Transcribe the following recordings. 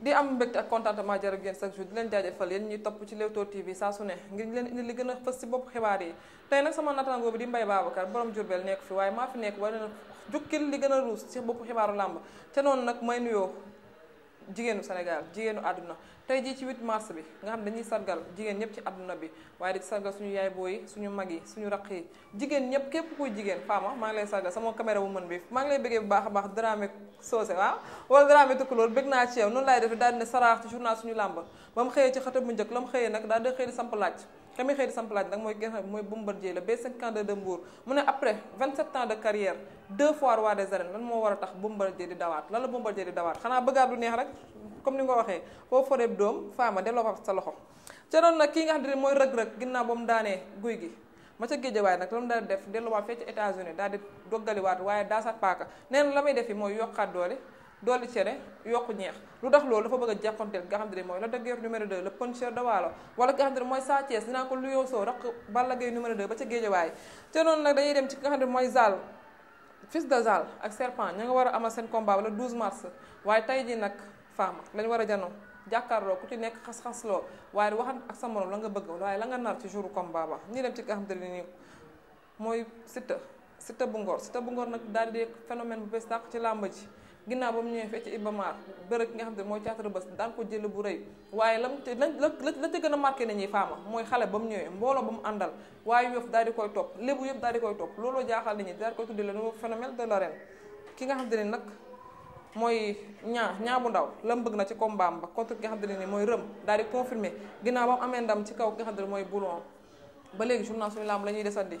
di am mbégte ak contentement jarul ngeen chaque jour di leen jaajëfal yéen ñuy topp ci Leewtoo TV saa su ne ngir leen indi li gën a fës si bopp xibaar yi tey nag sama natango bi di Mbaye Babacar borom Jurbel nekk fi waaye maa fi nekk war na jukkil li gën a ruus si bopp xibaaru làmb te noonu nag may nuyoo jigéenu Sénégal jigéenu àdduna tey jii ci 8 mars bi nga xam dañuy sargal jigéen ñëpp ci àdduna bi waaye di sargal suñu yaay booy suñu mag yi suñu raq yi jigéen ñëpp képp kuy jigéen faama maa ngi lay sargal sama caméra bu mën bi maa ngi lay bëggee bu baax a baax dramé soosé waaw wala dramé tukkuloor bëgg naa ci yow noonu laay def daal di ne saraax ci journal suñu làmb ba mu xëyee ci xëta bu njëkk la mu xëyee nag daal di xëy di samp laaj may xëy di samp laaj mooy ki nga xam ne mooy Bombardier la B52 de Mbour mu ne après 27 ans de carrière deux fois roi des arènes lan moo war a tax Bombardier di dawaat lan la Bombardier di dawaat xanaa bëggaat lu neex rek comme ni nga waxee foo foree doom faama delloo fa sa loxo ca doon nag kii nga xam ne mooy rëg-rëg ginnaaw ba daanee guy gi ma ca géejawaay nag la mu daal def delluwaat fee ci États-Unis daal di doggaliwaat waaye daa sa paaka nee na la may def mooy yokkaat doole dolli cere yokk ñeex lu tax loolu dafa bëgg a jàppanteel nga xam ne mooy Lac de Guiers numéro 2 le puncheur de Waalo wala nga xam ne mooy Sa Thiès dinaa ko luyoo soo ba Balla Gaye numéro 2 ba ca Géejawaay te noonu nag dañuy dem ci nga mooy Zal fils de Zal ak Serpent ñu nga war a amal seen combat wala 12 mars waaye tey ji nag Fama lañ war a janoo jàkkaarloo ku ci nekk xas-xas loo waaye waxan ak sa morom la nga bëgg waaye la nga nar ci jour combat ba ñu dem ci nga nii mooy Siteu Siteu bu Ngor Siteu bu Ngor nag daal di phénomène bu bees tàq ci làmb ji ginnaaw ba mu ñëwee fekk ci Iba Mar bërëb nga xam ne mooy théâtre bés daan ko jël bu rëy waaye lam te la la te gën a marqué nañuy faama mooy xale ba mu ñëwee mbooloo ba mu àndal waaye yëf daal di koy topp lébu yëpp daal di koy topp looloo jaaxal nit ñi daal di koy tuddi le nouveau phénomène de l'arène ki nga xam ne nag mooy ñaa ñaa bu ndaw lam bëgg na ci combat ba contre ki nga xam ne ni mooy rëm daal di confirmé ginnaaw ba mu amee ndam ci kaw ki nga xam ne mooy boulon ba léegi journal suñu lamb la ñuy desandi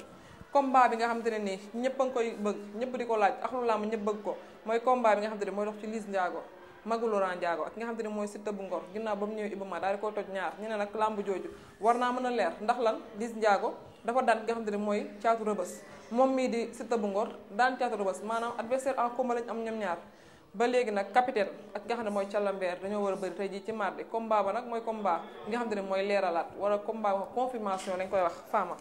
combat bi nga xam te ne nii ñëpp a ngi koy bëgg ñëpp di ko laaj ak lu làmb ñëpp bëgg ko mooy combat bi nga xam te ne mooy dox ci Liss Ndiago magu Laurent Ndiago ak nga xam te ne mooy Siteu bu Ngor ginnaaw ba mu ñëwee Iba Mar daal di ko toj ñaar ñu ne nag làmb jooju war naa mën a leer ndax lan Liss Ndiago dafa daan nga xam te ne mooy caatu rëbës moom mii di Siteu bu Ngor daan caatu rëbës maanaam adversaire en combat lañ am ñoom ñaar ba léegi nag capitaine ak nga xam ne mooy calambeer dañoo war a bëri tey jii ci mardi combat ba nag mooy combat nga xam te ne mooy leeralaat wala combat confirmation lañ koy wax faama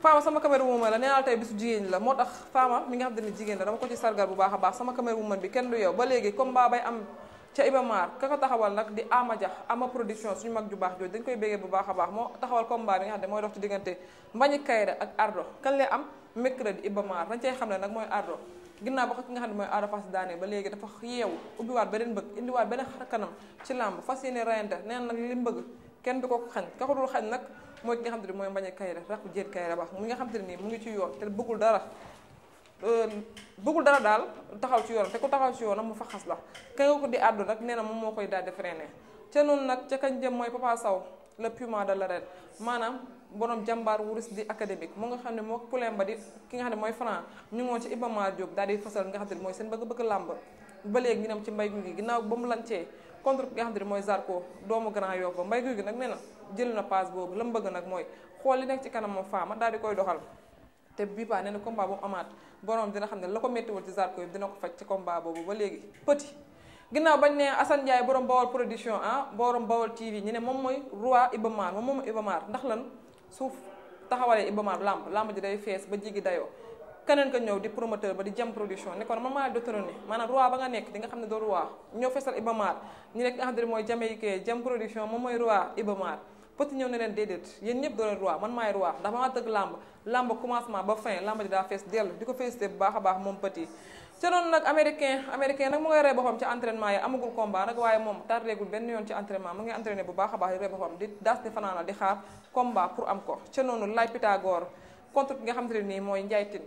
faama sama caméra woman la nee naa tey bisu jigéen la moo tax faama mi nga xam ne jigéen la dama ko ci sargal bu baax a baax sama caméra bi kenn du yow ba ko taxawal suñu mag ju baax jooju koy béggee bu baax a baax moo taxawal combat bi nga xam ne mooy Ardo kan lay am ne nag mooy Ardo ginnaaw ba ko ki nga xam ne mooy Ada Fass daane ba léegi dafa yeewu ubbiwaat beneen bëgg indiwaat beneen xar kanam ci làmb fas yéene reyante nee nag li bëgg kenn du ko xañ ka ko xañ nag mooy ki nga xam te ne mooy Mbagne Kaïré rakku Diène Kaïré Ba mu nga xam ne nii mu ngi ci yoon te bëggul dara euh, bëggul dara daal taxaw ci yoonam te ku taxaw ci yoonam mu fa xas la kay ko di àddu rek nee na moom moo koy daal di freiné ca noonu nag ca kañ jëm mooy Papa Sow le puma de l'arène maanaam borom jàmbaar wurus di académique mu nga xam ne moo poulain ba di ki nga xam ne mooy Franc ñu ngoon ci Iba Mar Diop daal di fasal nga xam te ne mooy seen bëgg-bëgg làmb ba léegi ci mbay gi ginnaaw ba mu lancee contre ki nga xam ne mooy Zarko doomu Grand Yoff ba mbay guy gi nag nee na jël na passe boobu la mu bëgg nag mooy xool li nekk ci kanamam faama daal di koy doxal te bii paa nee na combat bu amaat boroom dina xam ne la ko méttiwul ci Zarko yëpp ko faj ci combat boobu ba léegi petit ginnaaw bañ ne Assane Ndiaye borom Bawol production ah borom Bawol TV ñu ne moom mooy roi Ibamar moom moom Ibamar ndax lan suuf taxawalee Ibamar lamb lamb ji day fees ba jigi dayoo keneen ka ñëw di promoteur ba di jëm production ne ko man maa détrôné maanaam roi ba nga nekk di nga xam ne doo roi ñëw fesal Iba Mar ñu nekk nga xam ne leen déedéet doo roi man maay roi ndax maa tëgg làmb làmb commencement ba fin làmb di a baax moom moom tardégul benn yoon ci entraînement mu ngi entraîné bu baax a baax di rey boppam di daas di fanaanal di xaar combat pour am ko ca nga xam ne ne nii mooy njaaytin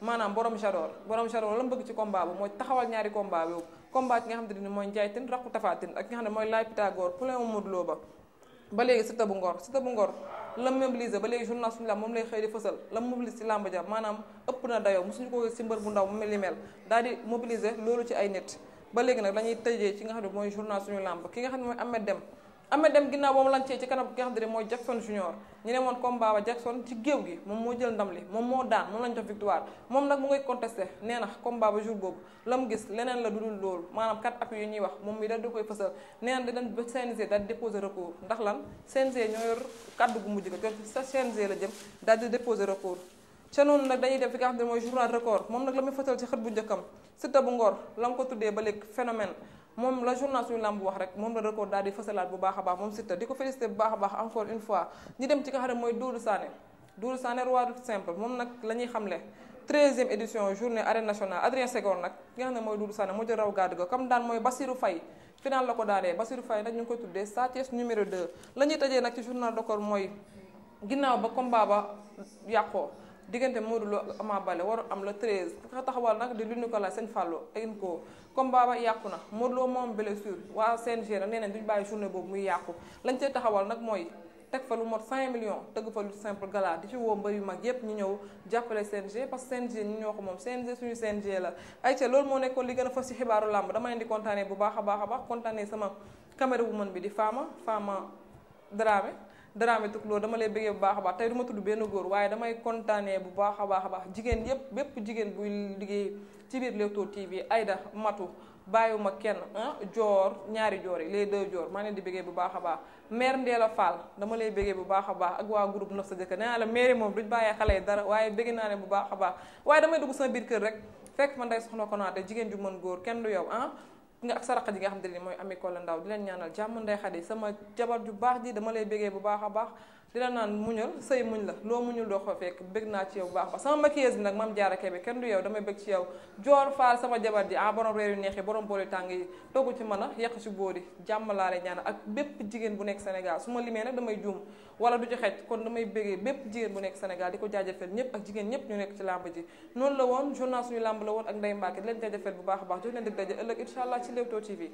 maanaam borom Jador borom Jador la mu bëgg ci combat bu mooy taxawal ñaari combat boobu combat ki nga xam te ne mooy Ndiaye Tine rakku Tafatine ak ki nga xam ne mooy ba ba léegi Siteu bu Ngor Siteu bu Ngor la mobiliser ba léegi journal suñu moom lay xëy di fësal la mobiliser ci làmb ja maanaam ëpp na dayoo mosuñu ko si mbër bu ndaw mu mel ni mel daal di mobiliser loolu ci ay nit ba léegi nag la ñuy tëjee ci nga xam ne mooy journal suñu làmb ki nga xam ne mooy Ahmed Deme Ameth Deme ginnaaw ba mu lancé ci kanam ki nga xam ne mooy Jackson Junior ñu ne woon combat ba Jackson ci géew gi moom moo jël ndam li moom moo daan moom lañ jox victoire moom nag mu ngay contesté gis leneen la dudul loolu maanaam quatre appuis yu ñuy wax moom mi daal di koy fësal nee na da dem ba CNG daal di déposé recours ndax lan gu mujj ga sa CNG la jëm daal di déposé recours ca noonu nag dañuy def fi nga xam ne mooy journal record moom nag la muy fësal ci xët bu njëkkam Siteu bu Ngor la mu ko tuddee ba léegi phénomène moom la journal suñu làmb wax rek moom la record daal di fësalaat bu baax a baax moom Siteu di ko félicité bu baax a baax encore une fois ñi dem ci nga xam ne mooy du simple moom moo jël raw gàddu ga comme daan mooy Basirou Faye final la ko daanee Basirou Faye nag ñu koy tuddee Sa Thiès numéro 2 la ñuy tëjee nag ci journal record mooy ginnaaw ba combat ba yàqoo diggante Modou Lo ak Ama Baldé waru am la 13 ka taxawal nag di lu Nicolas Sène Fallou Enco combat ba yàqu na Modou loo moom blessure waa CNG nag nee nañ duñ bàyyi journée boobu muy yàqu lañ cay taxawal nag mooy teg fa lu mot 5 millions fa lu simple gala di ci woo mbër yu mag yépp ñu ñëw jàppale CNG parce que CNG ñu ñoo ko moom CNG suñu CNG la ay ca loolu moo nekkoon li gën a fas ci xibaaru làmb dama leen di kontaanee bu baax a baax a baax kontaanee sama caméra bu mën bi di Fama Fama Dramé Dramé Tukulóor dama lay bëggee bu baax a baax tey du ma tudd benn góor waaye damay kontaanee bu baax a baax a baax jigéen yépp bépp jigéen buy liggéey ci biir Leewtoo TV ayda Matu ma kenn ah, joor ñaari joor yi les deux joor maa leen di bëggee bu baax a baax maire Ndéla faal dama lay bëggee bu baax a baax ak waa groupe Naf sa jëkk nee naa la maire moom lu bàyyee xale yi dara waaye bëgg naa ne bu baax a baax waaye damay dugg sama biir kër rek fekk man day soxna Konaté jigéen ju mën góor kenn du yow ah nga ak sa raq ji nga xam te ne mooy Ami Kolle Ndaw di leen ñaanal jàmm Ndey Xadi sama jabar ju baax ji dama lay bégee bu baax a baax di la naan muñal sëy muñ la loo muñul doo ko fekk bëgg naa ci yow bu baax ba sama maquilleuse bi nag maam jaara kebe kenn du yow damay bëgg ci yow joor faal sama jabar ji ah borom reer yu borom bool yu tàng yi togg ci mën a yàq ci bóori jàmm laa lay ñaan ak bépp jigéen bu nekk Sénégal su ma limee nag damay juum wala du ci xej kon damay bëggee bépp jigéen bu nekk Sénégal di ko jaajëfal ñëpp ak jigéen ñëpp ñu nekk ci làmb ji noonu la woon journal suñu làmb la woon ak Ndeye Mbacke di leen jaajëfal bu baax a baax jox leen dëgg daje ëllëg incha allah ci Leewtoo TV